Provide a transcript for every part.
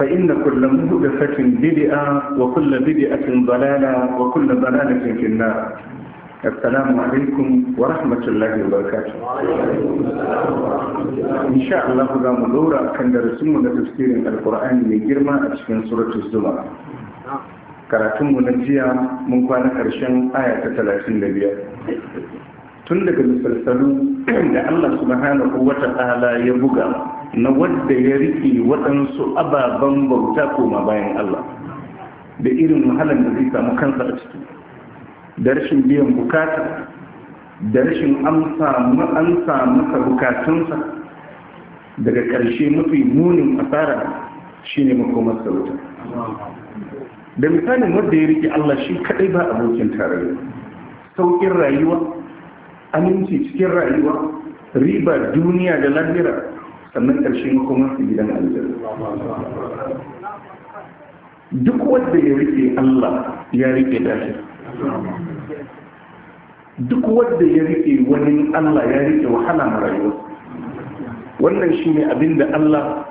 فإن كل مهدفة بدئة وكل بدئة ضلالة وكل ضلالة في النار السلام عليكم ورحمة الله وبركاته إن شاء الله ذا مدورة كان درسمنا تفسير القرآن من جرمى أشكين سورة الزمر karatunmu na jiya mun kwana karshen aya ta talatin da biyar tun daga misalsalu da allah subhanahu wa ta'ala ya buga na wadda ya riƙe waɗansu ababen bauta koma bayan Allah da irin wahalar da zai samu kansa a ciki da rashin biyan bukata da rashin an samu bukatunsa daga ƙarshe mafi munin asara shi ne makomar sauta da misalin wadda ya riƙe Allah shi kaɗai ba abokin tarayya sauƙin rayuwa aminci cikin rayuwa riba duniya da lahira sannan ƙarshen kuma su gidan aljanna duk wanda ya rike Allah ya rike dashi duk wanda ya rike wani Allah ya rike wahala na rayuwa wannan shi ne abinda Allah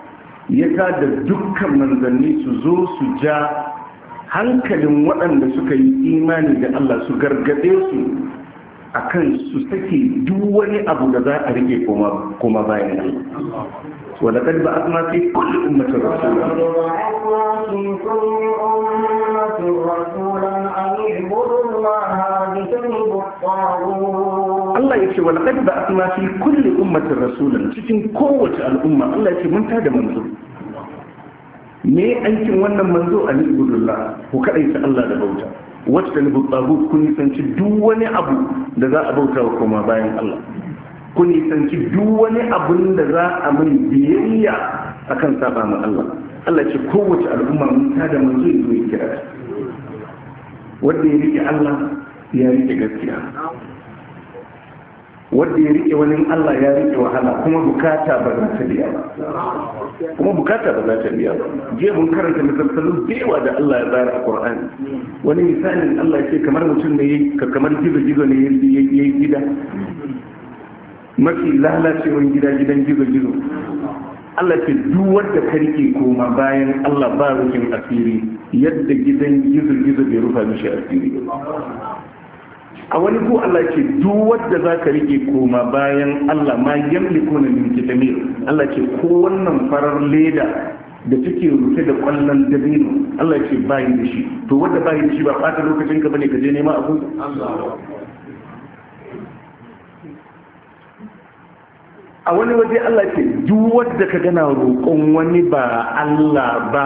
ya da dukkan manzanni su zo su ja hankalin waɗanda suka yi imani da Allah su gargade su kan su sake duk wani abu da za a rike kuma bayan Allah ولقد بعثنا fi كل أمة رسولا Allah ya ce walaƙad ba a fi kulle ummatin rasulun cikin kowace al'umma Allah ya ce mun tada manzo me aikin wannan manzo a ni Allah ku kaɗai ta Allah da bauta Wata ne babu kun nisanci duk wani abu da za a bauta wa koma bayan Allah kun nisanci duk wani abun da za a mun biyayya akan saba ma Allah Allah ce kowace al'umma mun ta da manzo ya zo ya kira wanda ya rike Allah ya rike gaskiya wanda ya rike wani Allah ya rike wahala kuma bukata ba za ta biya ba kuma bukata ba za ta biya ba jiya mun karanta misalsalin bewa da Allah ya tsara a Qur'ani wani misalin Allah ce kamar mutum ne ka kamar gizo gizo ne ya yi gida mafi lalacewar gida gidan gizo gizo Allah ce duk wanda ka rike koma bayan Allah ba rufin asiri yadda gidan gizo gizo bai rufa mishi asiri a wani ko Allah ce duk wanda zaka rike koma bayan Allah ma yamliku na min kitamir Allah ce ko wannan farar leda da take rufe da kwallon dabino Allah ce bayin da shi to wanda bayin da shi ba fata lokacin ka bane ka je nema abu a wani waje Allah ce duk wanda ka gana roƙon wani ba Allah ba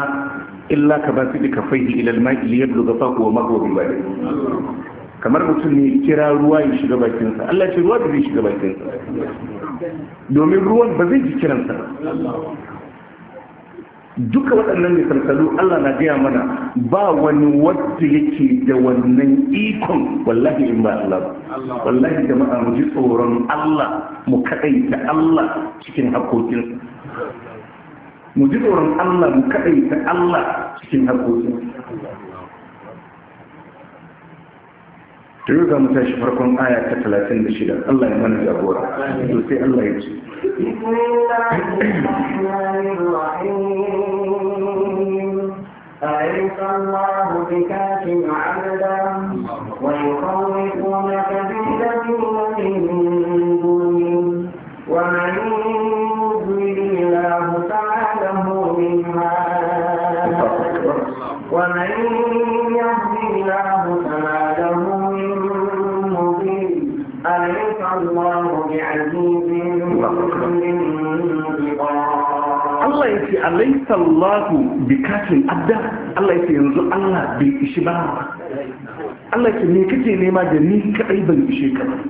illa ka ba su ka fahi ilal ma'i liyar da gafa kuwa magwabin ba kamar mutum ne kira ruwa ya shiga bakinsa Allah ce ruwa da zai shiga bakinsa domin ruwan ba zai ji kiransa duka waɗannan misalsalu Allah na gaya mana ba wani wadda yake da wannan ikon wallahi in ba Allah ba wallahi jama'a mu ji tsoron Allah mu ta Allah cikin hakokin mu tsoron Allah mu kaɗaita Allah cikin hakokin تيوكا متاشف آية 30 بشيلة الله يمنى جابورا يلسي الله يمشي بسم الله الرحمن الرحيم أليس الله بكاتم عبدا ويخوفونك بالذين ومن يهدي الله فما له من ومن يهدي الله فما Allah ya ce Alaisallahu bi katin adda Allah ya ce yanzu Allah bai ishi ba Allah ya ce me kake nema da ni kadai ban ishe ka ba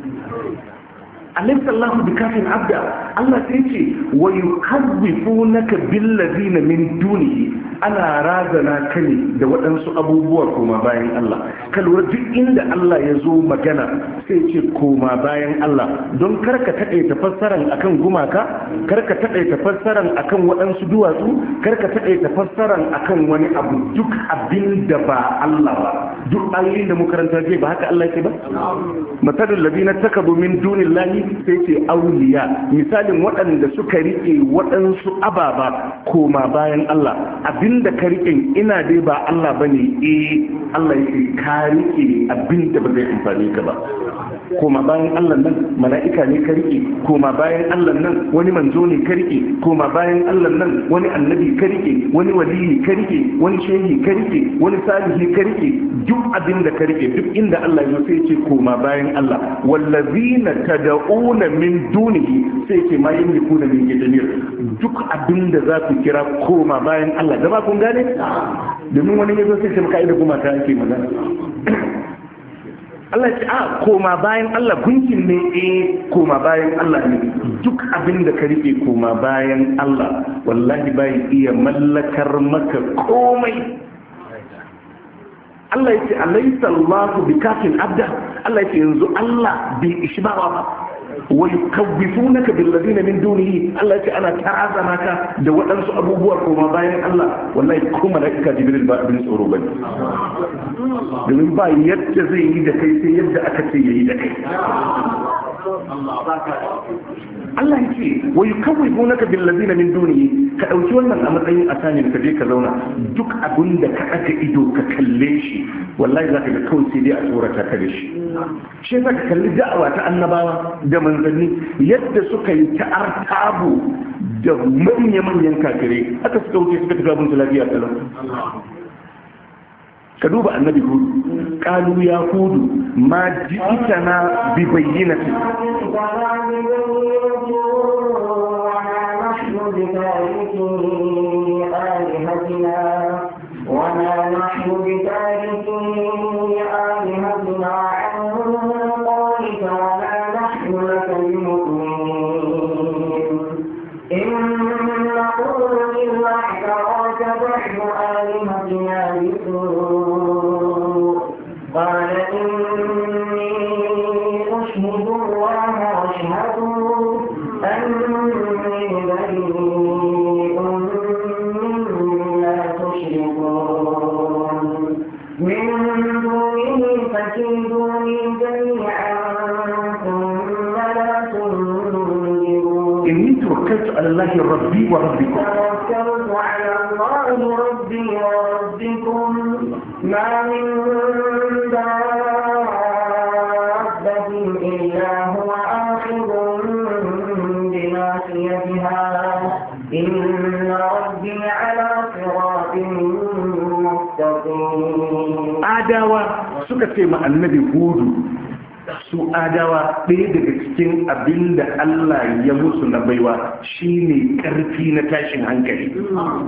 أليس ce بكاف عبدا الله تيجي ويخوفونك بالذين من دونه ana razana kani da waɗansu abubuwa koma bayan Allah ka lura duk inda Allah ya zo magana sai ce koma bayan Allah don ka taɗaita fassaran akan gumaka ka taɗaita fassaran akan waɗansu duwatsu ka taɗaita fassaran akan wani abu duk abin da ba Allah ba duk ayoyin da muka karanta ba haka Allah yake ba matalul ladina takabu min dunillahi sai ce auliya misalin waɗanda suka riƙe waɗansu ababa koma bayan Allah abinda ka riƙe ina dai ba Allah bane eh Allah yake ka riƙe abinda ba zai amfane ka ba koma bayan Allah nan mala'ika ne karike koma bayan Allah nan wani manzo ne karike koma bayan Allah nan wani annabi riƙe, wani waliyi riƙe, wani shehi riƙe, wani salihi riƙe, duk abinda ka riƙe duk inda Allah ya sai ce koma bayan Allah wallazina tad'u yad'una min dunihi sai ke ma yamlikuna min yadmir duk abin da za ku kira koma bayan Allah da ba kun gane domin wani yazo sai ce kaida kuma da yake magana Allah ce a ah, koma bayan Allah gunkin ne eh koma bayan Allah ne duk abin da ka rike koma bayan Allah wallahi bai iya mallakar maka komai Allah ya ce alaysa Allah bi kafin abda Allah ya ce yanzu Allah bai ishi ba ba wa yukawwifunaka bil ladina min dunihi Allah yace ana ta'azama ka da waɗansu abubuwa kuma bayan Allah wallahi ko malaika jibril ba abin tsoro ba ne. domin ba yadda zai yi da kai sai yadda aka ce yayi da kai Allah ya ce wa yukawwifunaka bil ladina min duniya, ka ɗauki wannan a matsayin asanin ka je ka zauna duk abin da ka aka ido ka kalle shi wallahi zaka ga kawai sai dai a tsorata ka shi shi yasa ka kalli da'awa ta annabawa da manzanni yadda suka yi ta'ar artabu da manya-manyan kafirai aka suka wuce suka tafi abin lafiya talau ka duba annabi hudu kalu ya hudu ma ji'ita na bi bayyana ce الله ربي وربكم توكلت على الله ربي وربكم ما من دابة إلا هو آخذ بناصيتها إن ربي على صراط مستقيم أدوى سكت مع النبي هود su adawa ɗaya daga cikin abin da Allah ya musu na baiwa ne ƙarfi na tashin hankali Allah.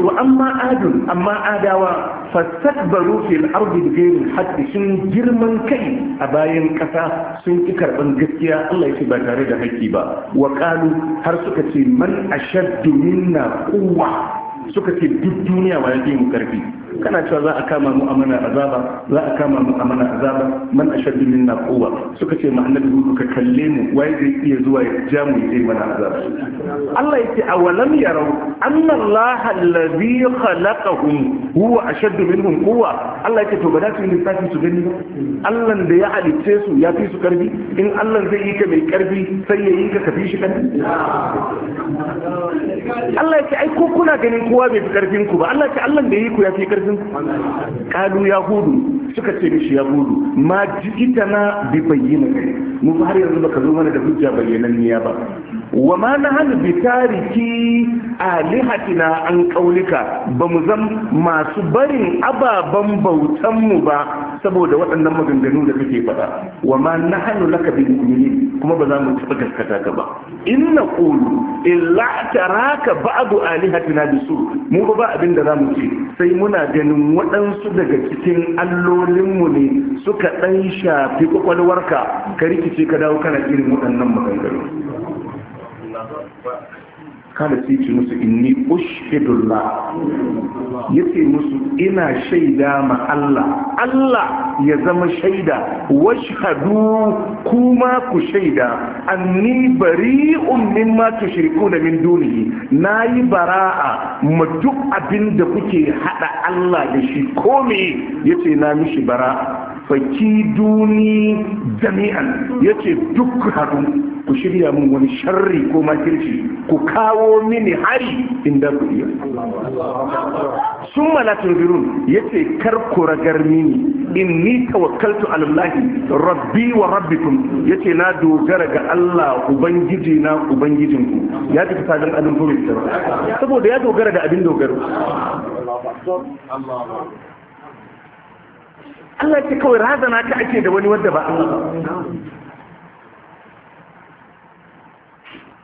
wa amma adun amma adawa fastakbaru fil da gairin haqqi sun girman kai a bayan ƙasa sun ki karban gaskiya Allah ce ba tare da haƙƙi ba wa ƙalu har suka ce man ashaddu minna kowa suka ce duk duniya wa yake mu karfi kana cewa za a kama mu amana azaba za a kama mu amana azaba man ashaddu minna quwwa suka ce ma annabi ku ka kalle mu wai zai iya zuwa ya ja mu yayi mana azaba Allah yake awalam yarau anna Allah alladhi khalaqahum huwa ashaddu minhum quwwa Allah yake to ba da su yi lissafi su gani ba Allah da ya halicce su ya fi su karbi in Allah zai yi ka mai karbi sai ya yi ka fi shi kan Allah yake ai ko kuna ganin kowa bai fi karfin ku ba Allah yake Allah da ya yi ku ya fi karfin musulun kalu ya hudu suka ce mishi ya hudu ma ji na bi bayyana mu har yanzu baka zo mana da hujja bayyana bayyananniya ba wa ma na hannu bi tariki lihatina an kaulika ba mu zan masu barin ababen bautanmu ba saboda waɗannan maganganu da kake faɗa wa ma na hannu laka bin mu'mini kuma ba za mu taɓa gaskata ka ba in na ƙulu illa taraka a lihatina da su mu ba abin da za mu ce sai muna ganin waɗansu daga cikin allolinmu ne suka ɗan shafi ƙwaƙwalwarka, ka rikice ka dawo kana irin waɗannan maganganu kada sai ce musu inni ushhidullah yace musu ina shaida ma Allah Allah ya zama shaida washhadu kuma ku shaida anni bari'un mimma tushrikuna min dunihi nayi bara'a ma duk abin da kuke hada Allah da shi kome yace na mishi bara'a faki duni jami'an yace duk hadu. ku shirya min wani sharri ko makirci ku kawo mini hari in da ku iya sun malatun birun ya ce kar ku ragar mini in ni tawakkaltu alallahi rabbi wa rabbikum ya ce na dogara ga Allah ubangiji na ubangijinku ya ji fasalin adin ko saboda ya dogara da abin dogaro Allah ce kawai razana ta ake da wani wadda ba Allah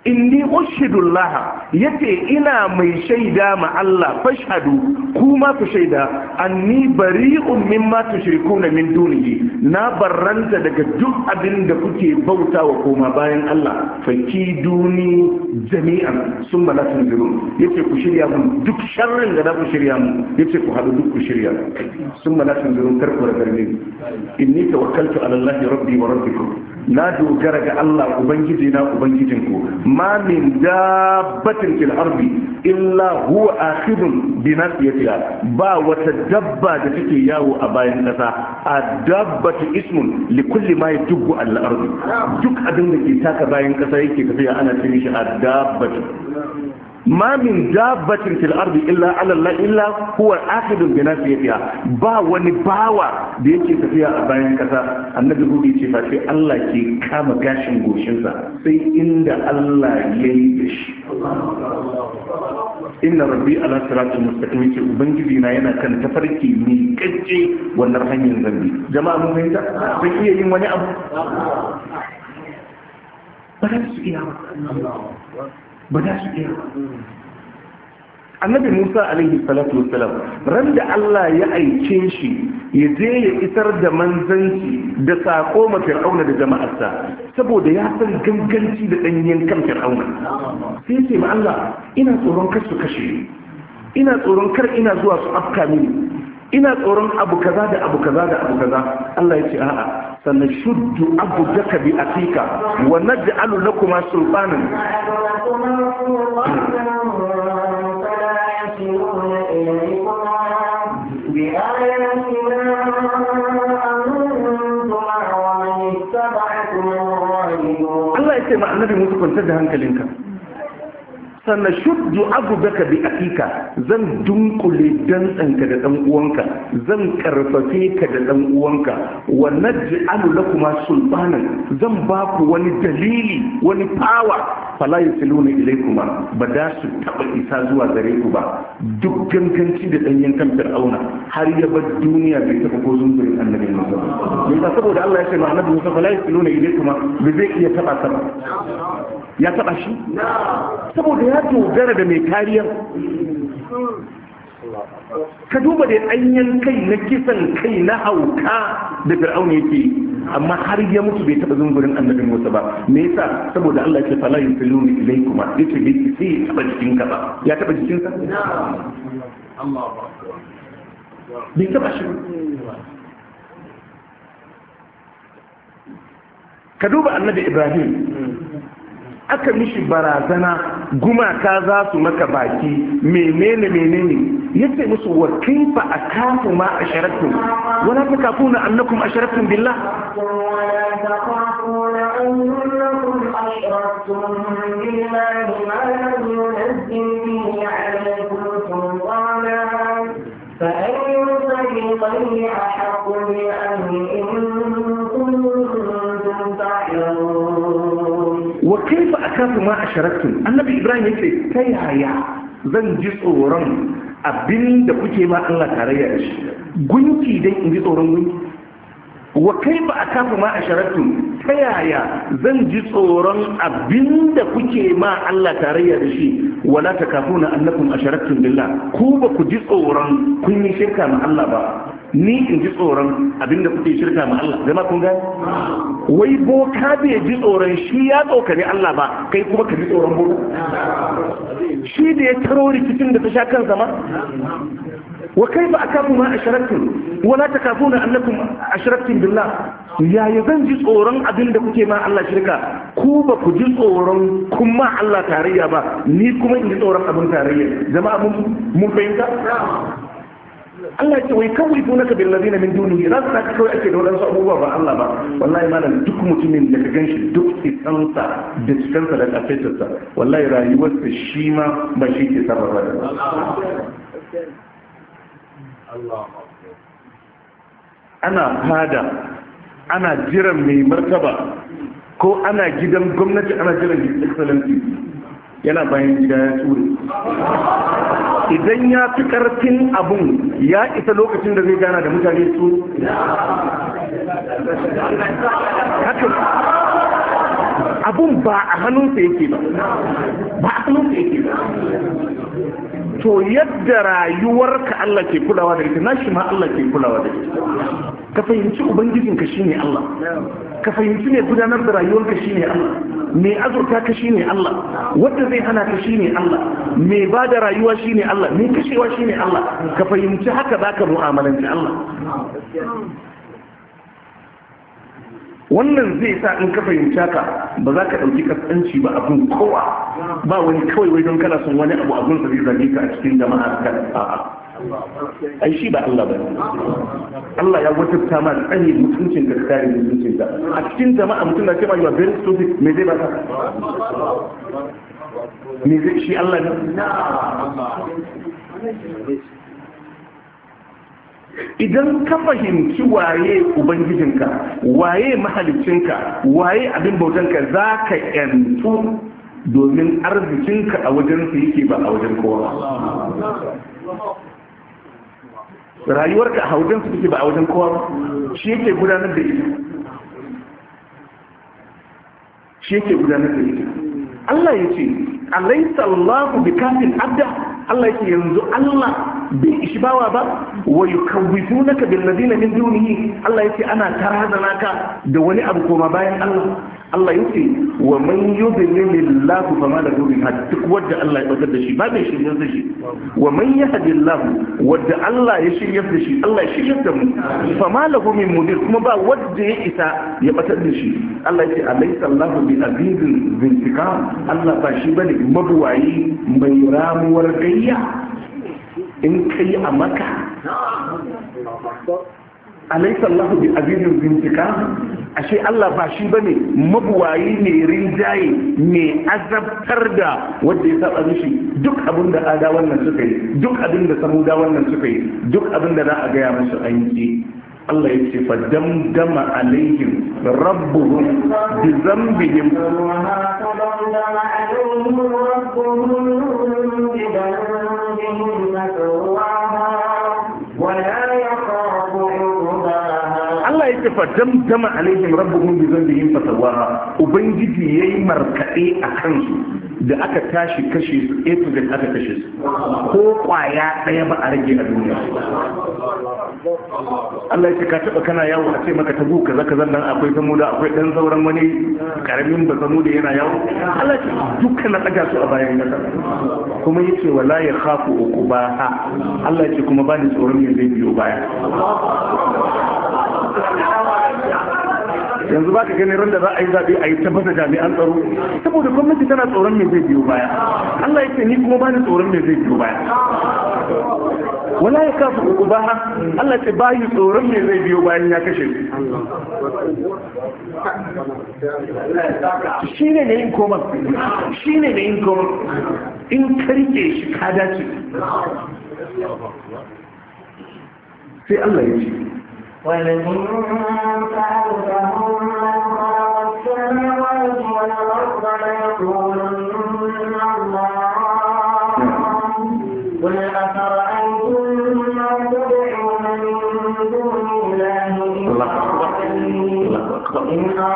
inni ushidullah yace ina mai shaida ma Allah fashhadu kuma ku shaida anni bari'un mimma tushrikuna min dunihi na barranta daga duk abin da kuke bauta wa koma bayan Allah faki duni jami'an sun bala tunzirun yace ku shirya mun duk sharrin da ku shirya mun yace ku hadu duk ku shirya sun bala tunzirun karku da garne inni tawakkaltu ala Allah rabbi wa rabbikum na dogara ga Allah ubangiji na ubangijinku ma min dabbatin fil ardi illa huwa akhidun bi nasiyatiha ba wata dabba da take yawo a bayan kasa a dabbatu ismun li kulli ma yadubbu al ardi duk abin da ke taka bayan kasa yake tafiya ana cin shi a ma min dabbatin fil ardi illa ala Allah illa huwa akhidun bi nasiyatiha ba wani bawa da yake tafiya a bayan kasa annabi hudu ce fa sai Allah ke kama gashin goshinsa sai inda Allah ya yi shi inna rabbi ala siratin mustaqim yake ubangiji na yana kan tafarki ni kacce wannan hanyar zambi jama'a mun fahimta ban iya yin wani abu ba su iya ba ba za su iya annabi musa alaihi salatu wasalam ran da allah ya aice shi ya je ya isar da manzanci da sako ma fir'auna da jama'arsa saboda ya san ganganci da danyen kan fir'auna sai ce ma allah ina tsoron kar su kashe ina tsoron kar ina zuwa su afka mini ina tsoron abu kaza da abu kaza da abu kaza allah ya ce a'a sannan shuddu abu daga bi a fika wannan alu na kuma sulfanin Allah ya ce ma annabi musu kwanta da hankalinka sannan shuddu agubaka bi akika zan dunkule dantsanka da dan uwanka zan karfafe ka da dan uwanka wa naj'alu lakuma sulbanan zan ba ku wani dalili wani power fala yusiluna ilaykuma ba da su taba isa zuwa gare ku ba duk ganganci da danyen kan fir'auna har ya bar duniya bai taba ko zumburin annabi Musa ba saboda Allah ya ce ma annabi Musa fala yusiluna ilaykuma ba zai iya taba ta ba ya taba shi saboda ya dogara da mai kariyar ka duba da ɗanyen kai na kisan kai na hauka da fir'aun yake amma har ya mutu bai taɓa zungurin annabin musa ba me yasa saboda Allah ya fala yin filu ne ilai kuma ce bai ci sai ya taɓa jikinka ba ya taɓa jikinsa bai taɓa shi ka duba annabi ibrahim aka mishi barazana gumaka za su maka baki menene menene Ya ce musu wa kaifa kafu ma a asharaktum wala takafuna annakum asharaktum billah أنكم أشركتم بالله ما لم ينزل kaifa kafin ma asharaktum annabi ibrahim yace ta yaya zan ji tsoron abin da kuke ma Allah tarayya da shi gunki dan in ji tsoron gunki wa kaifa kafin ma asharaktum ta yaya zan ji tsoron abin da kuke ma Allah tarayya da shi wala takafuna annakum asharaktum billah ku ba ku ji tsoron kun yi shirka ma Allah ba ni in ji tsoron abinda kuke shirka ma Allah zama kun gani wai boka bai ji tsoron shi ya tsokani Allah ba kai kuma ka ji tsoron boka shi da ya taro rikicin da ta sha kan zama wa kai ba akafu ma asharaktun wala na takafuna a asharaktun billah ya ya zan ji tsoron abinda kuke ma Allah shirka ku ba ku ji tsoron kuma Allah tarayya ba ni kuma in ji tsoron abin tarayya zama abin mun fahimta Allah ce wai kawai tuna ka bin lazina min dunihi za su saka kawai ake da waɗansu abubuwa ba Allah ba wallahi malam duk mutumin da ka ganshi duk isansa da cikansa da kafetarsa wallahi rayuwarsa shi ma ba shi ke sarrafa da ana fada ana jiran mai martaba ko ana gidan gwamnati ana jiran his excellency yana bayan gida ya ture idan ya fi karfin abun ya isa lokacin da zai gana da mutane su haka abun ba a hannunsa yake ba ba a hannunsa yake ba to yadda rayuwarka Allah ke kulawa da ita na shi ma Allah ke kulawa da ita ka fahimci ubangijinka shine Allah ka fahimci ne gudanar da rayuwarka shine Allah Me azurta ka shine Allah wanda zai hana ka shine Allah Me ba da rayuwa shine Allah Me kashewa shine Allah ka fahimci haka zaka mu'amalanci Allah wannan zai sa in ka fahimci haka ba za ka ɗauki kaskanci ba abin kowa ba wani kawai wai don kana son wani abu abin sa zai zage ka a cikin jama'a a'a ai shi ba Allah ba Allah ya ta ma tsare mutuncin ka kare mutuncin ka a cikin jama'a mutum na cewa you are very stupid me zai ba ka me zai shi Allah ne idan ka fahimci waye ubangijinka waye mahalicinka waye abin bautanka za ka yantu domin arzikinka a wajen su yake ba a wajen kowa Rayuwar ka a wajen su take ba a wajen kowa shi yake gudanar da ita shi yake gudanar da ita Allah ya ce alaysa Allahu bikafin abda Allah yake yanzu Allah bai ishi bawa ba wa yukawwifunaka bil ladina min dunihi Allah yake ana tarazana ka da wani abu koma bayan Allah Allah yake wa man yudlil Allah fama lahu min hadi duk wanda Allah ya bazar da shi ba mai shirya da shi wa man yahdi Allah wanda Allah ya shirya da shi Allah ya shirya da mu fama lahu min mudir kuma ba wanda ya isa ya batar da shi Allah yake alaysa Allah bi azizin zintika Allah ba shi bane mabuwayi mai ramuwar kai ƙarya in kai a maka alaisa Allah bi azizin bincika ashe Allah ba shi bane mabuwayi ne rinjaye ne azabtar da wadda ya saba mishi duk abin da ada wannan suka yi duk abin da samuda wannan suka yi duk abin da za a gaya musu an yi Allah ya ce fa dama alaihim rabbuhum bi zambihim wa ma tadamdama alaihim rabbuhum الناس da fadam dama alaihim rabbuhum bi dhanbihim fatawaha ubangiji yayi markade a kansu da aka tashi kashe su eh to da aka kashi su ko kwaya daya ba a rage a duniya Allah ya ka taba kana yawo a ce maka ta buka zaka zannan akwai samu da akwai dan sauran wani karamin ba samu da yana yawo Allah ya dukkan na daga su a bayan kasa kuma yace wala ya khafu uqubaha Allah ya kuma bani tsoron yin zai biyo baya yanzu ba ka gani ran da za a yi zaɓe a yi tabbata jami'an tsaro saboda gwamnati tana tsoron me zai biyo baya Allah ya ce ni kuma ba ni tsoron me zai biyo baya wala ya kafa uku ba Allah ce ba yi tsoron me zai biyo bayan ya kashe shi ne na yin koma shi ne na yin koma in karke shi ka dace sai Allah ya ce وَالَّذِينَ كَفَرُوا لَهُمْ مَنْ خَلَقَ السَّمَاوَاتِ لَيَقُولُنَّ اللَّهُ قُلْ أَفَرَأَيْتُم مَّا مِن دُونِ اللَّهِ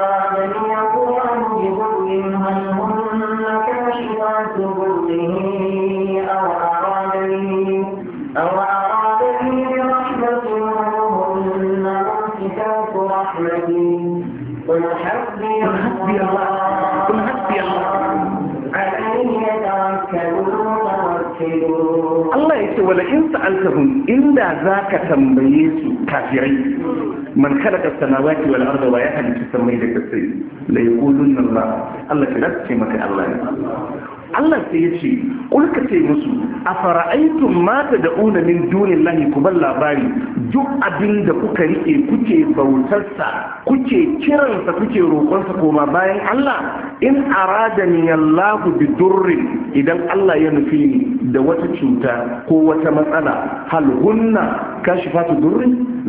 sa'altahum inda zaka tambaye su kafirai man khalaqa as-samawati wal arda wa ya halitta samai da kasai la yaqulunna Allah Allah ka dace maka Allah ne Allah sai yace kul ka ce musu afara'aytum ma tad'una min dunillahi kubal labari duk abin da kuka rike kuke bautarsa kuke kiransa kuke sa, koma bayan Allah in aradani Allah bi durrin idan Allah ya nufi ni da wata cuta ko wata matsala hal hunna kashifatu durri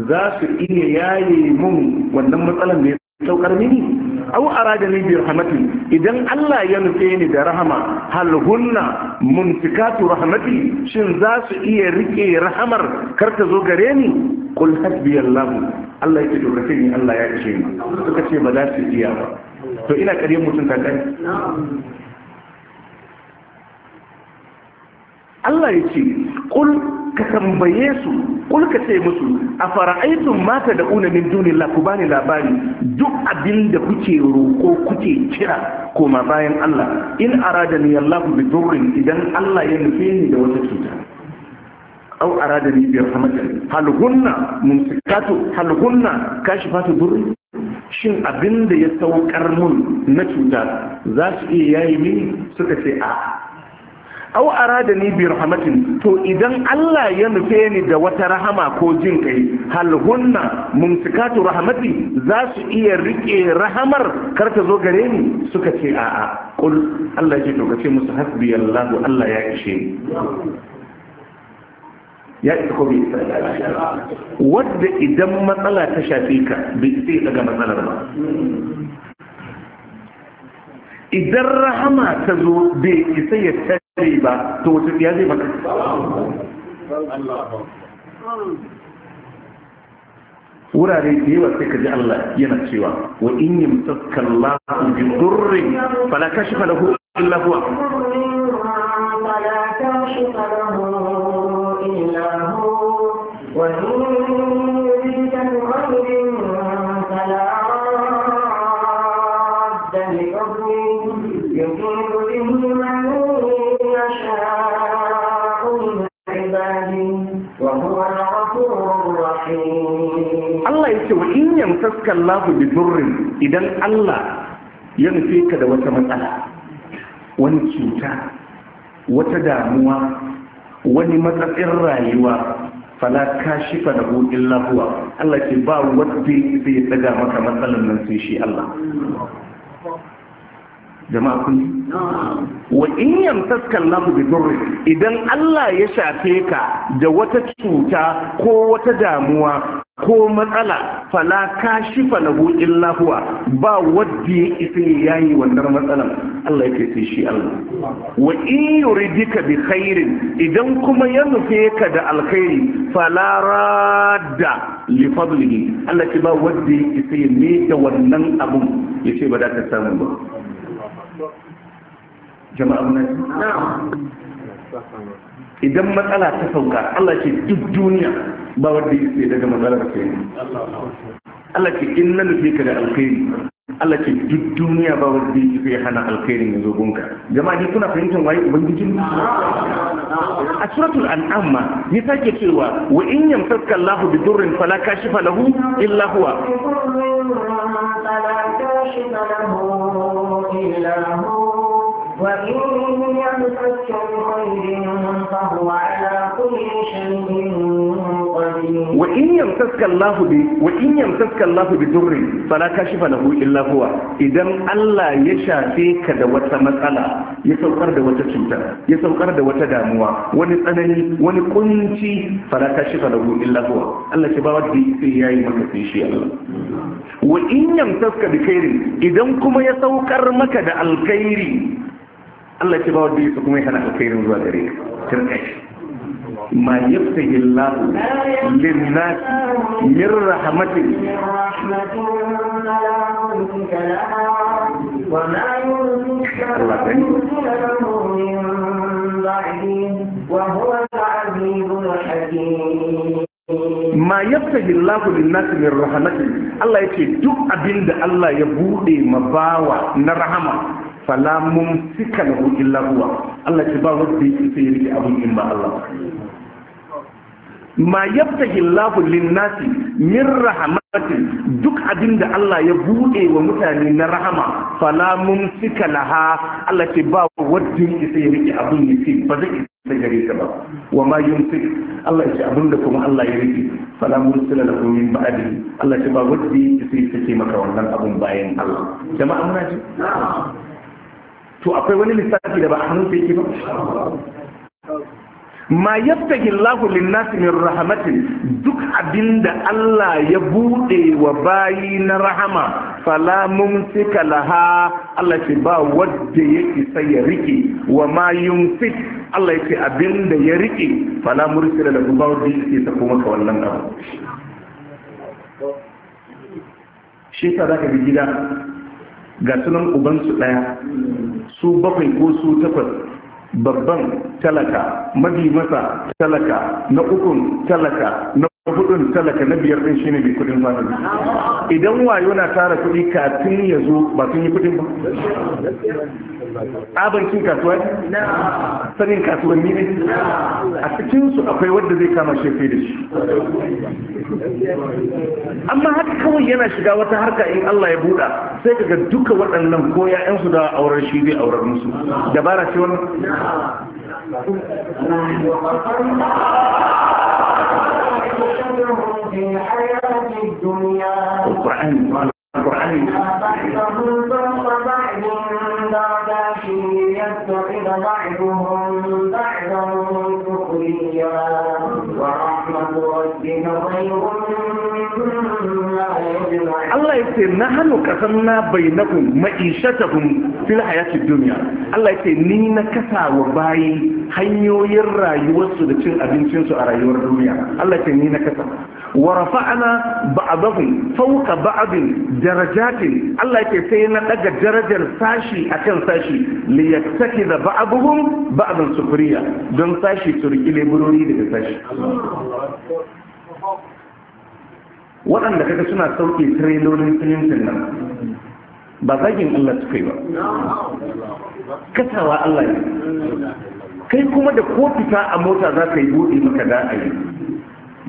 za su iya yaye mun wannan matsalan da ya saukar mini au arada ni bi rahmati idan Allah ya nufe ni da rahama hal hunna munfikatu rahmati shin za su iya rike rahamar kar ta zo gare ni qul hasbi Allah Allah yake dogare ni Allah ya ce ni suka ce ba za su iya ba to ina kare mutunta kai Allah ya ce kul ka tambaye su kul ka ce musu a fara'aitun mata da una min duni la ku bani labari duk abin da kuke roƙo kuke kira koma bayan Allah in arada ni Allah bi durrin idan Allah ya nufi ni da wata cuta au arada ni bi rahmatin hal hunna mumsikatu hal hunna kashifatu shin abin da ya saukar mun na cuta za su iya yayi mini suka ce a'a aw arada ni bi rahmatin to idan Allah ya nufe ni da wata rahama ko jin kai hal hunna mumsikatu rahmati za su iya rike rahamar kar ta zo gare ni suka ce a'a qul Allah ya to kace musu hasbi Allah Allah ya ishe ni ya ko bai wadda idan matsala ta shafi ka bai isa daga matsalar ba idan rahama ta zo bai isa ya tare ba to wata ya zai maka wurare da yawa sai ka ji Allah yana cewa wa in yamsaka Allah bi durrin fala kashifa lahu illa huwa فلا كاشف له إلا هو وإن يريدك بخير Allah ya ce wa in yamsaka lafi bi durrin idan Allah ya nufe ka da wata matsala wani cuta wata damuwa wani matsatsin rayuwa fala fa da illa lafuwa Allah ce ba wanda zai tsaga maka matsalan nan sai shi Allah jama'a kun ji wa in yamsaka Allah bi durri idan Allah ya shafe ka da wata cuta ko wata damuwa ko matsala fala kashifa lahu illa huwa ba wadda ya isa ya yayi wannan matsalan Allah yake sai shi Allah wa in yuridika bi khairin idan kuma ya nufe ka da alkhairi fala radda li fadlihi Allah ki ba wadda ya isa ne da wannan abun yace ba da ta samu ba idan matsala ta sauka Allah ke duk duniya ba wadda ya sai daga matsalar ke Allah ke in na nufi ka da alkhairi Allah ke duk duniya ba wadda ya sai hana alkhairi ya zo gunka jama'a ni kuna fahimtar waye ubangiji a suratul an'am ma ni sake cewa wa in yamsaka Allah bi durrin fala kashifa lahu illa huwa فلا كاشف له وإن يمسك بخير فهو على كل شيء وإن يمسك الله ب وإن يمسك الله بضر فلا كاشف له إلا هو إذا الله يشافيك da wata matsala ya saukar da wata cuta ya saukar da wata damuwa wani tsanani wani kunci fala kashifa lahu illa huwa Allah shi ba wanda sai yayi maka sai wa idan kuma ya saukar maka da alkhairi Allah ya ba wanda yake kuma ya hana kai zuwa gare ka tirka shi ma yaftahi Allah lin-nas min rahmatin وما يرسلك من ma min rahmatin Allah yake duk abinda Allah ya bude bawa na rahama fala mumsika lahu illa huwa Allah ci ba wanda yake sai yake abun in ba Allah ma yabtahi Allahu lin-nasi min rahmatin duk abin da Allah ya bude wa mutane na rahama fala mumsika laha Allah ce ba wanda yake sai rike abun yake ba zai da gare ka ba wa ma yumsik Allah ya ce da kuma Allah ya rike fala mursila lahu min ba'di Allah ce ba wanda yake sai take maka wannan abun bayan Allah jama'a muna ji to akwai wani lissafi da ba a hannun yake ba ma yadda Allahu lin min rahmatin duk abinda Allah ya bude wa bayi na rahama fala mumsika laha Allah ce ba wadda ya isa ya rike wa ma yumsik Allah ya ce abinda ya rike fala mursila lahu ba wadda ya isa kuma ka wannan abu shi ta zaka bi gida ga sunan ubansu ɗaya su bakwai ko su takwas babban talaka mabi masa talaka na ukun talaka na kudin talaka na biyar din shine bi kudin family idan wayo na tara kudi kafin ya zo ba sun yi kudin ba abancin kasuwa ne sanin kasuwanni ne a cikin su akwai wanda zai kama shefe da shi amma haka kawai yana shiga wata harka in Allah ya buɗa sai kaga duka waɗannan ko ya'yan su da auren shi zai auren musu dabara ce wannan القرآن القرآن الله يتي نحن كسمنا بينكم معيشتكم في الحياة الدنيا الله يتي نين كسا وباي هنيو يرى يوصد تشين أبين تشين سؤال يورد الله يتي نين كسا ورفعنا بعضهم فوق بعض درجات الله يكي سينا دغ درجة ساشي أكن ساشي ليتخذ بعضهم بعضا سخرية دون ساشي سرقي لبروري دغ ساشي waɗanda kaga suna sauke trailolin silintin nan ba zagin Allah suka ba kasawa Allah ne kai kuma da ko fita a mota za ka yi buɗe maka da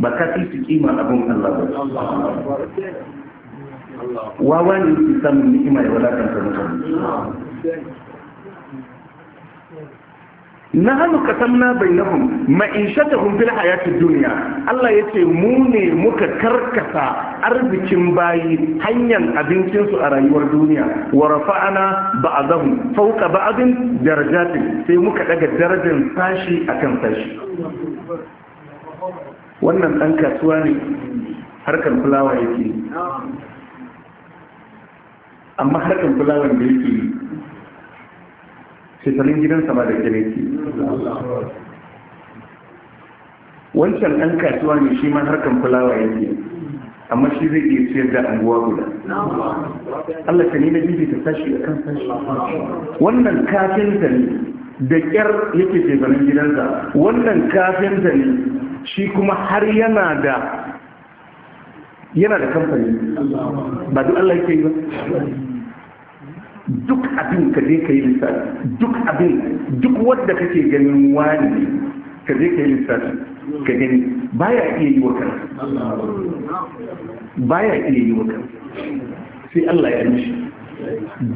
ba ka fi su kima abin Allah ba wawa ne su samun ni'ima ya wadatanta mutane na hannu kasamna bainahum ma'ishatahum fil hayatid duniya, Allah yace mu ne muka karkasa arzikin bayi hanyar abincinsu a rayuwar duniya wa rafa'ana ba'dahum ba abin darajatin sai muka daga darajar sashi kan sashi wannan ɗan kasuwa ne harkar fulawa yake amma harkar fulawa da yake shekarun gidansa ba da kere ke wancan ɗan kasuwa ne shi ma harkar fulawa yake amma shi zai iya siyar da anguwa guda Allah ka nina jiji ta tashi a kan tashi wannan kafinta ne da ƙyar yake shekarun gidansa wannan kafinta ne shi kuma har yana da yana da kamfani ba duk Allah yake yi ba duk abin ka je ka yi lissafi duk abin duk wadda kake ganin wani ka je ka yi lissafi ka gani baya iya yi wa kansa baya iya yi wa kansa sai Allah ya yi shi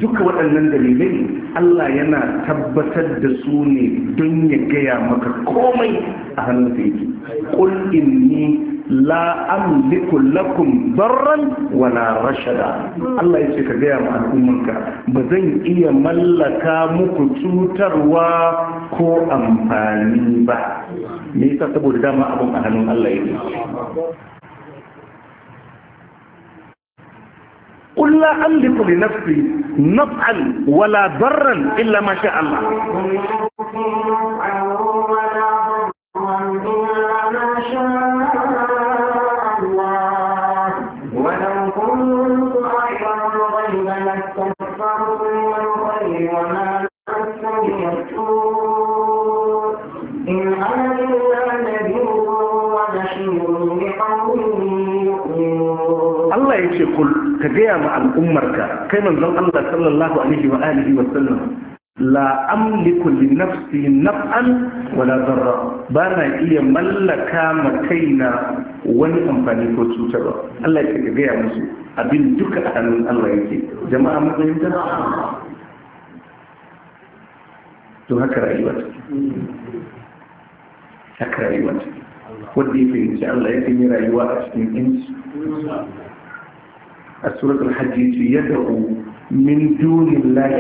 duka waɗannan dalilai Allah yana tabbatar da su ne don ya gaya maka komai a hannun da yake ƙul inni la amliku lakum wala rashada Allah ya ce ka gaya ma al'ummanka ba zan iya mallaka muku cutarwa ko amfani ba me yasa saboda dama abun a hannun Allah yake kula an limfuri nafi naf'an wala barran illa masha Allah. ka gaya ma al'ummarka kai manzon Allah sallallahu alaihi wa alihi wa sallam la amliku li nafsi naf'an wala darra ba na iya mallaka ma kaina wani amfani ko cutarwa Allah ya ka gaya musu abin duka a hannun Allah yake jama'a mun fahimta to haka rayuwa haka rayuwa wanda ya fahimci Allah ya kan yi rayuwa a cikin inci السورة الحديثية من دون الله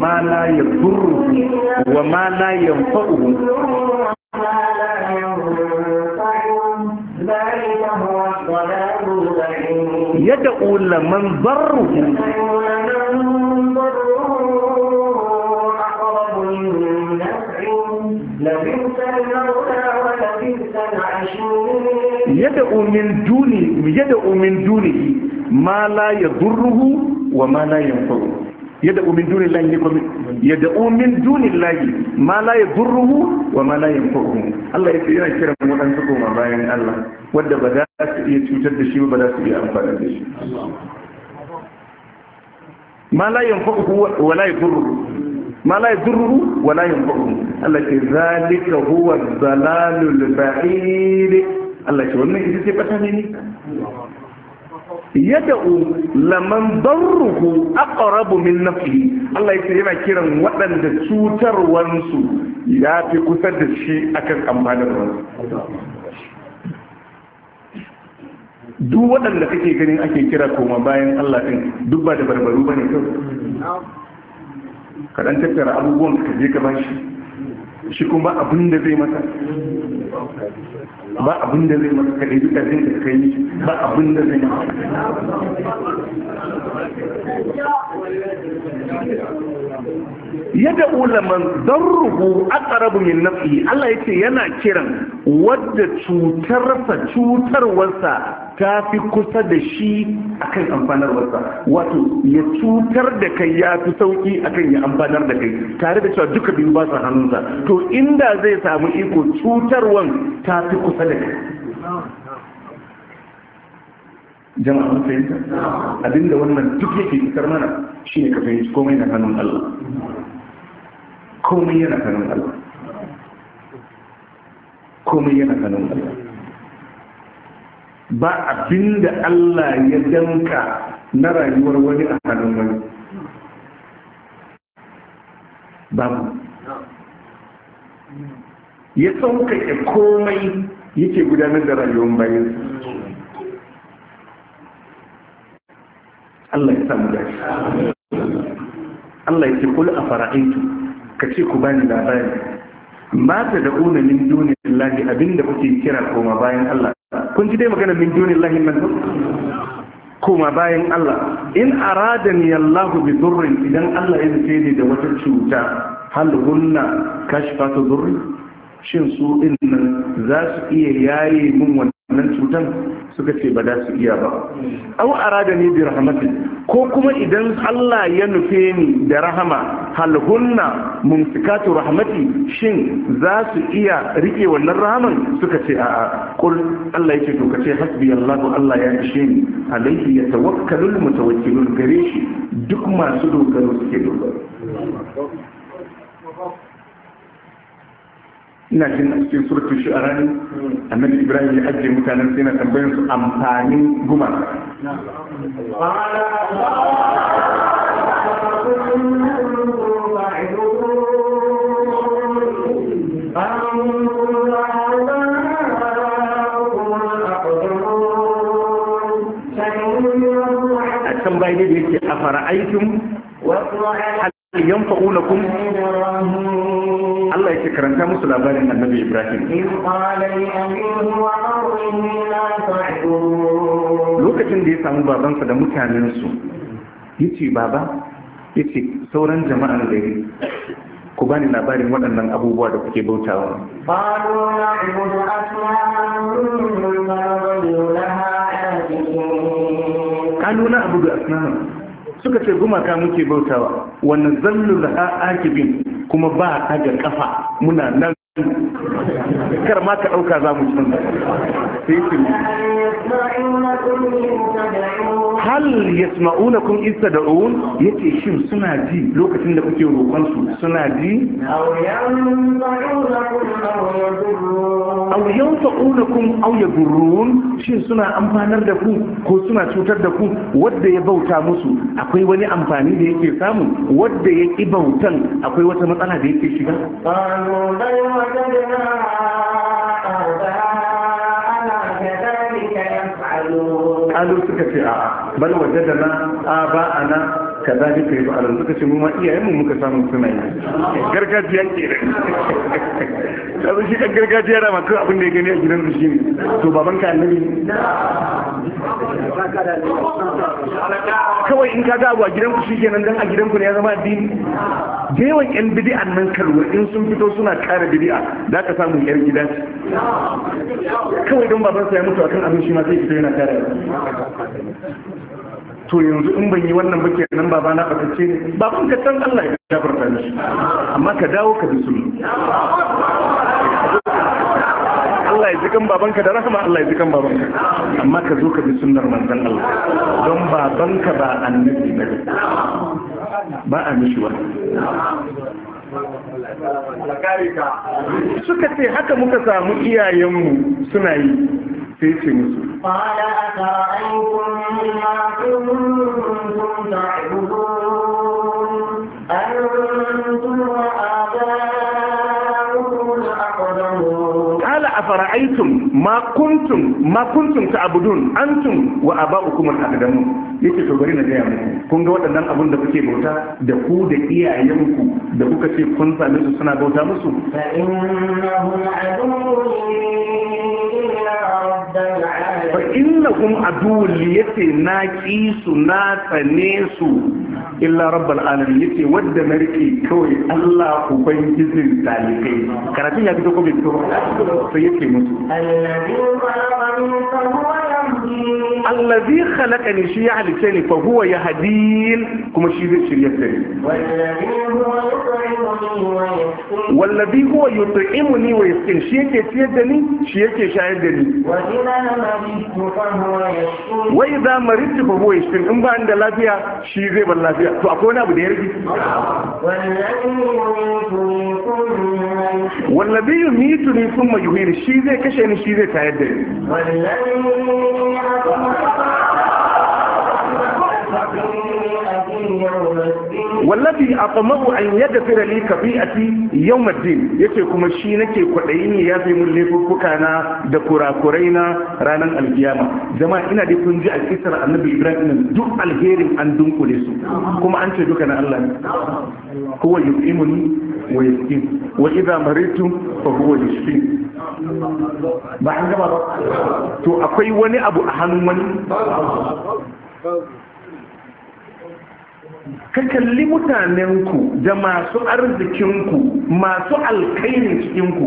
ما لا يضره وما لا ينفعه يدعو لمن ضره يدعو من دونه يدعو من دونه ma la yadurruhu wa ma la yanfa'u yad'u min dunillahi yakum yad'u min dunillahi ma la yadurruhu wa ma la yanfa'u Allah ya yana kira mu dan su koma bayan Allah wanda ba za su iya cutar da shi ba za su iya amfana da shi ma la yanfa'u wa la yadurru ma la yadurru wa la yanfa'u Allah ke zalika huwa dhalalul ba'id Allah ce wannan ita ce fata ne yada'u laman darruhu aqrabu min nafsihi Allah ya yana kiran waɗanda cutarwansu ya fi kusa da shi akan amfanin ruwa duk waɗanda kake ganin ake kira koma bayan Allah ɗin duk ba da barbaru ba ne kadan kaɗan tattara abubuwan ka je ka shi shi kuma abin da zai masa ba abin da zai masa kadai duka zai da kai ba abin da zai masa yadda ulaman zarruhu aqrabu min nafsi Allah yace yana kiran wadda cutarsa cutarwarsa ta fi kusa da shi akan amfanarwarsa wato ya cutar da kai ya fi sauki akan ya amfanar da kai tare da cewa duka biyu ba su hannunsa to inda zai samu iko cutarwan ta fi kusa da kai jama'a mun fahimta abinda wannan duk yake fitar mana shine ka fahimci komai na hannun Allah komai yana hannun Allah komai yana hannun Allah ba abinda Allah ya danka na rayuwar wani a hannun wani babu ya sauƙaƙe komai yake gudanar da rayuwar bayan Allah ya samu dashi Allah ya ce kula a fara'aitu ka ce ku bani labari ba ta da unanin duniya lahi abinda kuke kira koma bayan Allah kun ji dai magana min dunillahi man kuma bayan Allah in aradani Allahu bi durrin idan Allah ya zace ni da wata cuta hal hunna kashfatu durri shin su din nan za su iya yaye mun nan cutan suka ce ba za su iya ba au arada ni bi rahmatin ko kuma idan Allah ya nufe ni da rahama hal hunna mumsikatu rahmati shin za su iya rike wannan rahaman suka ce a'a qul Allah yake to kace hasbi Allah Allah ya ishe ni alayhi yatawakkalul mutawakkilun gare shi duk masu dogaro suke dogaro لكن في سورة الشعراء أن إبراهيم يحجي متنسينة بين أمثال جمع قال أفرأيتم هل ينفق Allah yake karanta musu labarin annabi Ibrahim lokacin da ya samu babansa da mutanensu yace baba yace sauran jama'an gari ku bani labarin waɗannan abubuwa da kuke bautawa kalu na abu da asnanan suka ce gumaka muke bautawa wannan zallu da bin? kuma ba a ga kafa muna nan kar ma ka ɗauka za mu cin hal yasma'una kun isa da un yace shin suna ji lokacin da kuke roƙon suna ji aw yanfa'unakum aw gurruwun, shin suna amfanar da ku ko suna cutar da ku wanda ya bauta musu akwai wani amfani da yake samu wanda ya ki bautan akwai wata matsala da yake shiga Alu suka ce da na a ba a nan ka za ka yi ba'alar suka ce iyayen mu muka samu suna yi gargajiya ke da ta zo shi kan gargajiya da maka abin da ya gani a gidan su shine to baban ka annabi kawai in ka ga abu a gidan ku shi nan dan a gidan ku ne ya zama addini da yawan yan bidi'an nan kalwa in sun fito suna kara bidi'a za ka samu yar gida ce kawai don babansa ya mutu akan abin shi ma sai fito yana kara to yanzu in ban yi wannan ba kenan baba na fatace ba baban ka san Allah ya gafarta ni amma ka dawo ka bi sunna Allah ya ji kan babanka da rahama Allah ya ji kan babanka amma ka zo ka bi sunnar manzon Allah don babanka ba annabi ne ba a mishi wa suka ce haka muka samu iyayenmu suna yi sai ce musu kala a fara'aitun makuntun makuntun ta abudun antum wa aba'ukum al-aqdamu yace to bari na gaya muku kun ga waɗannan abun da kuke bauta da ku da iyayenku da kuka ce kun same su suna bauta musu fa innahum aduwwun رب العالمين fa innahum aduwwun li yace na ki su na tsane su illa rabbal alamin yace wanda na rike kawai Allah ubangijin talibai karatun ya fito ko bai fito sai yace musu allazi khalaqani shi ya halice ni fa huwa yahdin kuma shi zai shirye ta ni wallazi huwa yut'imuni wa yasqin shi yake ciyar da ni shi yake shayar da ni wai za mu rinci ba boye shi in ba da lafiya shi zai ba lafiya to akwai wani abu da ya rage wallabi yumitu ni kuma yuhini shi zai kashe ni shi zai tayar da ni wallafi a tsamahu an yadda fira a kabi'ati yau maddin yace kuma shi nake kwaɗayi ne ya fi mun laifuffuka na da kurakurai na ranar alkiyama jama'a ina da kun ji alkisar annabi ibrahim duk alherin an dunkule su kuma an ce duka na allah ne huwa yu'imuni wa yaskin wa idza maritu fa kowa huwa yashfin ba an gaba ba to akwai wani abu a hannun wani ka kalli mutanenku da masu arzikinku masu alkairin cikinku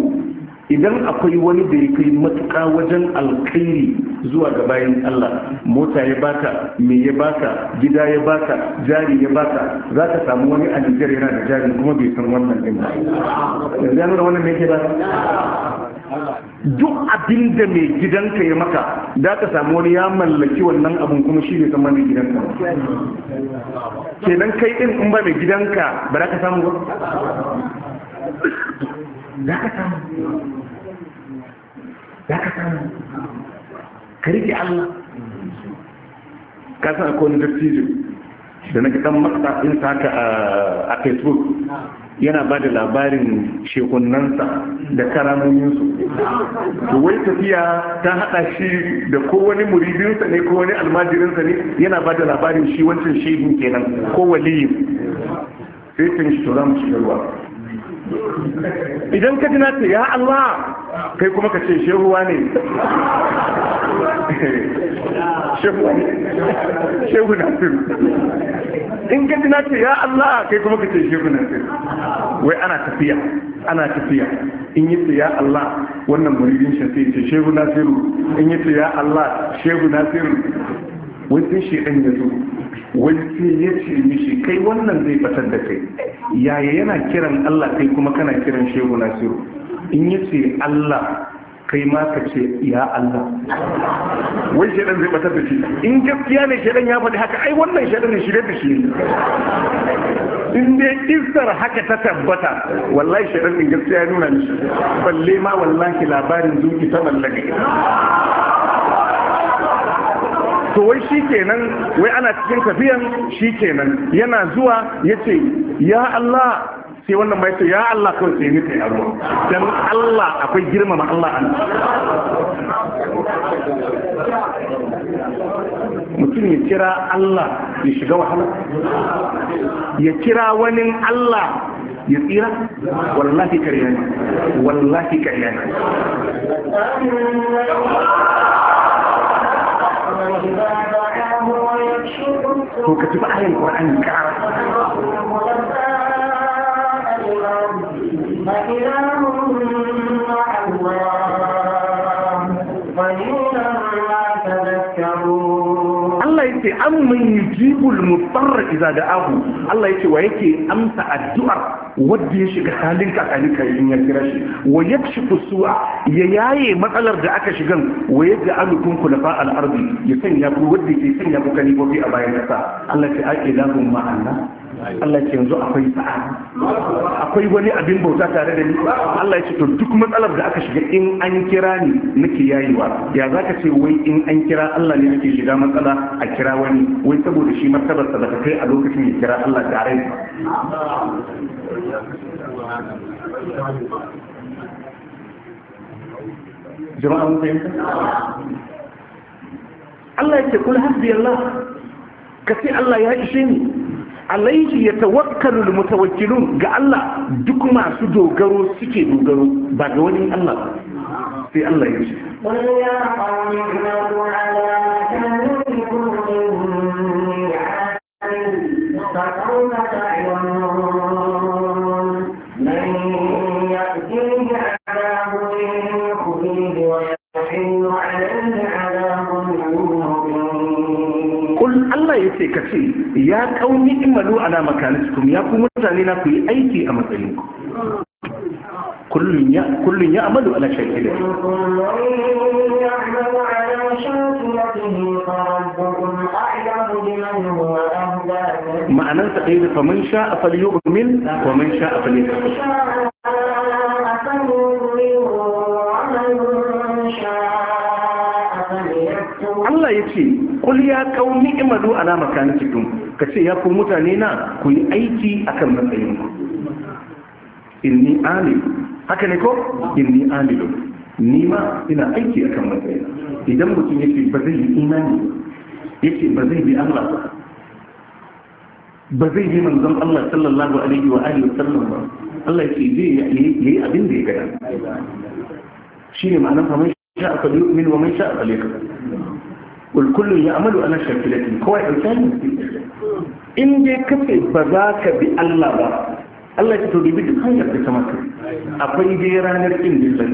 idan akwai wani da ya kai matuƙa wajen alkhairi zuwa ga bayan Allah mota ya baka me ya baka gida ya baka jari ya baka za ka samu wani a Nijar yana da jari kuma bai san wannan din ba yanzu yana da wannan me ke ba duk abin da mai gidanka ya maka za ka samu wani ya mallaki wannan abin kuma shi ne san mai gidanka kenan kai din in ba mai gidanka ba za ka samu ba za ka samu za ka samu ka rike Allah ka sa ko ni dattijo da na dan matsa sa ka a Facebook yana ba da labarin shekunansa da karamominsu to wai tafiya ta hada shi da ko wani muridinsa ne ko wani almajirinsa ne yana ba da labarin shi wancan shehun kenan ko waliyin sai tun shi to za mu shiga idan ka jina ce ya Allah kai kuma ka ce shehuwa ne shehu na fi in ka jina ce ya Allah kai kuma ka ce shehu na fi wai ana tafiya ana tafiya in yi ya Allah wannan muridin shi sai ce shehu na in yi ya Allah shehu na wai sun shi ɗan ya zo wani ya ce mishi kai wannan zai fatar da kai yaya yana kiran Allah kai kuma kana kiran shehu nasiru in ya ce Allah kai ma ka ce ya Allah wai shaɗan zai batar da shi in gaskiya ne shaɗan ya faɗi haka ai wannan shaɗan ne shirya da shi in dai iskar haka ta tabbata wallahi shaɗan din gaskiya nuna mishi balle ma wallahi labarin zuki ta mallaka to wai shi kenan wai ana cikin tafiyan shi kenan yana zuwa ya ce ya Allah sai wannan bai ce ya Allah kawai sai ni kai ruwa Dan Allah akwai girmama Allah an mutum ya kira Allah ya shiga wahala ya kira wani Allah ya tsira wallahi karya wallahi karya to ka ci ba ayin qur'ani ka yace amman yujibul mutarr idza da'ahu Allah yace wa yake amsa addu'ar wanda ya shiga halin ka kakalika in ya kira shi wa yakshifu su'a ya yaye matsalar da aka shigan wa yaj'alukum khulafa al-ardi ya sanya ku wanda ke sanya ku kani fi a bayan kasa Allah ya ce ake lahum ma'anna Allah ce yanzu akwai akwai wani abin bauta tare da ni Allah ya ce to duk matsalar da aka shiga in an kira ni nake yayiwa ya zaka ce wai in an kira Allah ne ake shiga matsala a kira wani wai saboda shi martabar sa da kai a lokacin ya kira Allah tare jama'a mun fahimta Allah ya ce kul hasbi Allah ka ce Allah ya ishe ni alaihi ya tawakkalu mutawakkilun ga Allah duk masu dogaro suke dogaro ba ga wani Allah sai Allah ya ce. Wani ya faru ne kuma ala kanin kuma ne Allah ya ce ka ce ya kauni imalu ala makanatikum ya ku mutane na ku yi aiki a matsayin ku kullun ya amalu ala shakilin ma'anar sa ɗaya da faman sha a fali yu'min wa sha a fali kul ya qaumi imalu ala makanatikum kace ya ku mutane na ku yi aiki akan matsayin ku inni amil haka ne ko inni amilu ni ma ina aiki akan matsayin idan mutum yake ba zai yi imani yake ba zai bi Allah ba ba zai yi manzon Allah sallallahu alaihi wa alihi wasallam ba Allah yake zai yi abin da ya gada ne ma'anar fa man sha'a min wa man sha'a falyakfur kul kullun ya'malu ala shakilatin kawai alƙalin in dai kace ba za ka bi Allah ba Allah ya to dubi duk hanyar da ta maka akwai dai ranar inda zai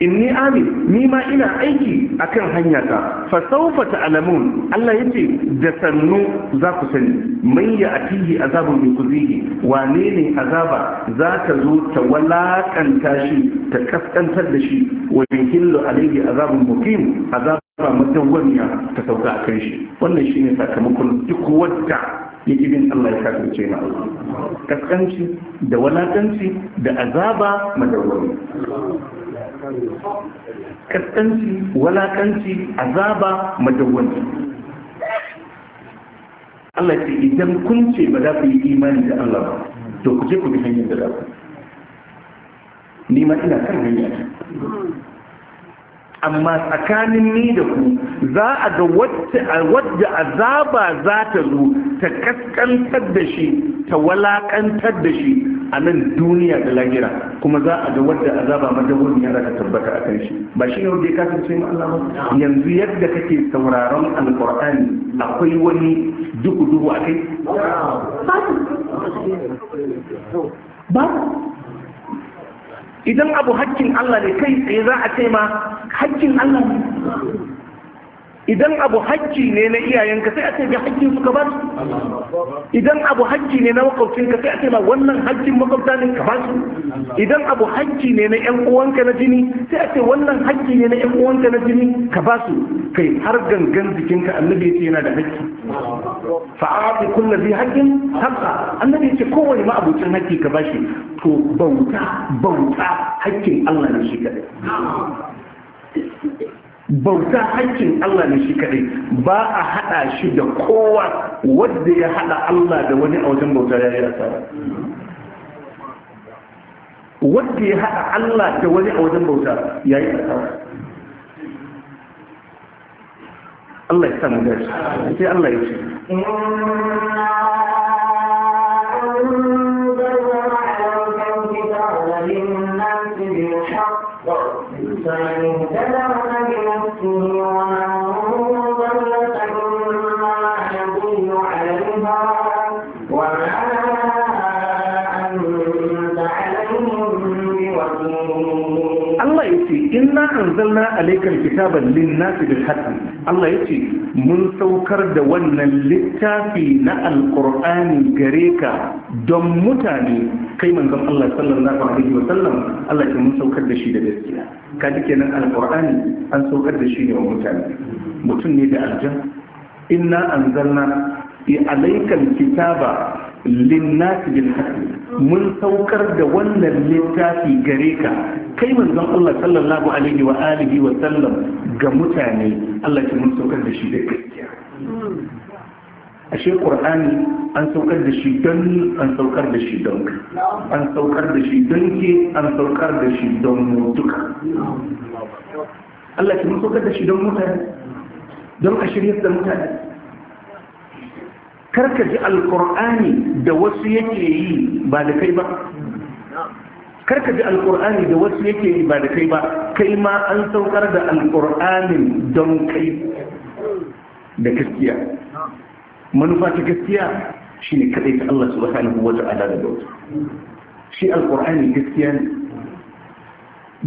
inni amin ni ma ina aiki akan hanyata fa sawfa ta'lamun Allah yace da sannu za ku sani man ya atihi azabun yukuzihi wane ne azaba za ta zo ta walakanta shi ta kaskantar da shi wa yuhillu alayhi azabun muqim azaba madawwamiya ta sauka kan shi wannan shine sakamakon duk wadda yake bin Allah ya kafirce ma kaskanci da walakanci da azaba madawwami kaskanci walakanci azaba madawwanci Allah ce idan kun ce ba za ku yi imani da Allah ba to ku je ku bi hanyar da za ku ni ma ina kan hanya amma tsakanin ni da ku za a ga wacce wacce azaba za ta zo ta kaskantar da shi ta walakantar da shi a nan duniya da lahira kuma za a ga wadda azaba madawwami yana da tabbata a kan shi ba shi ne wanda ya kasance mu Allah ba yanzu yadda kake sauraron alqur'ani akwai wani duk duhu akai ba idan abu hakkin Allah ne kai tsaye za a ce ma hakkin Allah ne idan abu hajji ne na iyayenka sai a ce ga hajjin su ka idan abu hajji ne na makwabcinka sai a ce ma wannan hajjin makwabta ne ka basu idan abu hajji ne na yan uwanka na jini sai a ce wannan hajji ne na yan uwanka na jini ka basu kai har gangan jikinka annabi ya ce yana da hajji a'ti kulli bi haqqin haqqa annabi ya ce wani ma abucin haƙƙi ka bashi to bauta bauta haƙƙin Allah ne shi kadai bauta hakkin Allah ne shi kaɗai ba a haɗa shi da kowa wadda ya haɗa Allah da wani a wajen bauta ya yi asara wadda ya haɗa Allah da wani a wajen bauta ya yi asara Allah ya samu gashi sai Allah ya ce Thank you. anzalna alaykal kitaba lin-nasi Allah yace mun saukar da wannan littafi na alqur'ani gare ka don mutane kai manzon Allah sallallahu alaihi wa sallam Allah ya mun saukar da shi da gaskiya alqur'ani an saukar da shi ne wa mutane mutum ne da aljan inna anzalna alaykal kitaba linnati bil mun saukar da wannan littafi gare ka kai manzon Allah sallallahu alaihi wa alihi wa sallam ga mutane Allah ya mun saukar da shi da gaskiya ashe qur'ani an saukar da shi don an saukar da shi don an saukar da shi don ke an saukar da shi don mu duka Allah ya mun saukar da shi don mutane don a shirye da mutane karka ji alkur'ani da wasu yake yi ba da kai ba karka ji alkur'ani da wasu yake yi ba da kai ba kai ma an saukar da alkur'anin don kai da gaskiya manufa ta gaskiya shine kadai ta Allah subhanahu wa ta'ala da bauta shi alkur'ani gaskiya ne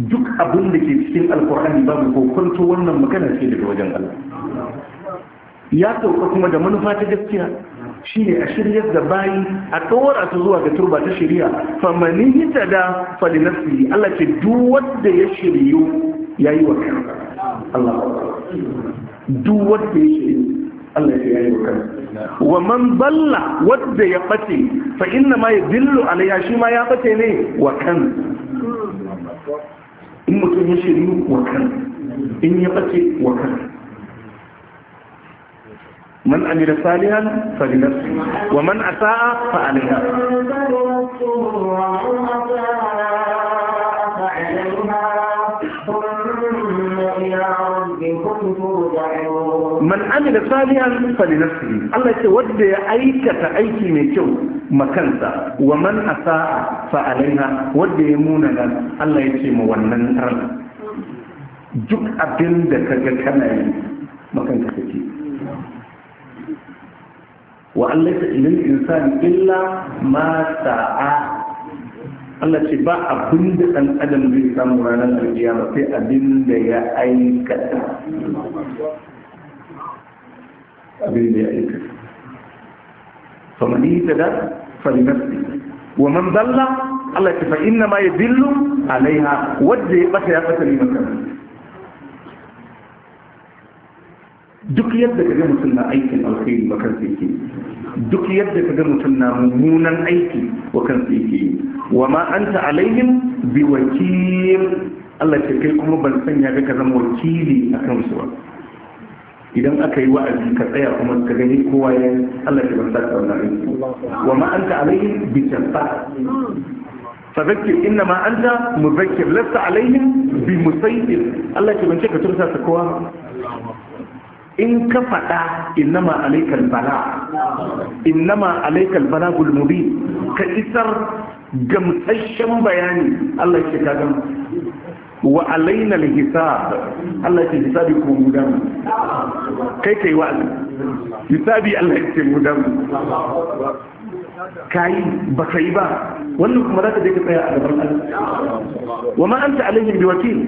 duk abin da ke cikin alkur'ani babu ko kwanto wannan magana ce daga wajen Allah ya sauka kuma da manufa ta gaskiya shi ne a shirya da bayi a a su zuwa ga turba ta shirya famanin hita da falinasi Allah ce duk wanda ya shiryu ya yi wa kansa Allah duk wanda ya shiryu Allah ya yi wa wa man balla wanda ya bace fa inna ma yadillu alayya shi ma ya fate ne wa kan in mutum ya shiryu wa kan in ya fate wa kan من عمل صالحا فلنفسه ومن أساء فعليها man amila salihan fali nafsihi Allah ce wanda ya aikata aiki mai kyau makansa wa man asaa fa alaiha wanda ya munana Allah ya ce ma wannan ran duk abin kaga وأن ليس للإنسان إلا ما سعى Allah ce ba abin da ɗan adam zai samu ranar aljiya ba sai abin da ya aikata. Abin da ya aikata. Famani ta da farinasti. Wa man zalla Allah ce fa inna ma ya dillu alaiha wadda ya ɓata ya ɓata ne maka. duk yadda ka ga mutum na aikin alkhairi ba kansa yake duk yadda ka ga mutum na mummunan aiki ba kansa yake wa ma anta alaihim bi wakil Allah ce kai kuma ban sanya ka ka zama wakili a kan su ba idan aka yi wa'azi ka tsaya kuma ka gani kowa ya Allah ya ban ka wannan aiki wa ma anta alaihim bi jabbar fadakir inna ma anta mudhakkir lasta alaihim bi musaytir Allah ya ban ce ka tursa kowa in ka faɗa innama alaikal bala innama alaikal bala gulmubi ka isar gamsashen bayani Allah ya ka gama wa alaina hisab Allah ya hisabi ko mu damu kai kai wa hisabi Allah ya ce mu damu kayi ba kai ba wannan kuma zaka je ka tsaya a gaban Allah wa ma anta alaihim biwakil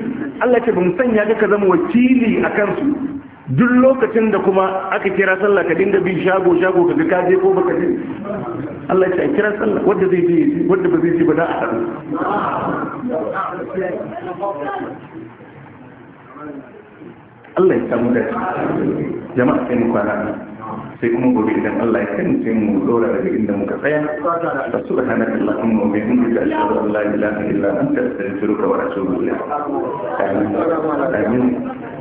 Allah ya ce ba mu sanya ka ka zama wakili akan su duk lokacin da kuma aka kira sallah ka dinga bin shago shago ka ga kaje ko baka je Allah ya kira sallah wanda zai je wanda ba zai je ba da a haɗu Allah ya samu da jama'a sai mu kwana sai kuma gobe idan Allah ya kan sai mu dora daga inda muka tsaya subhanaka allahumma wa bihamdika ashhadu an la ilaha illa anta astaghfiruka wa atubu ilaik amin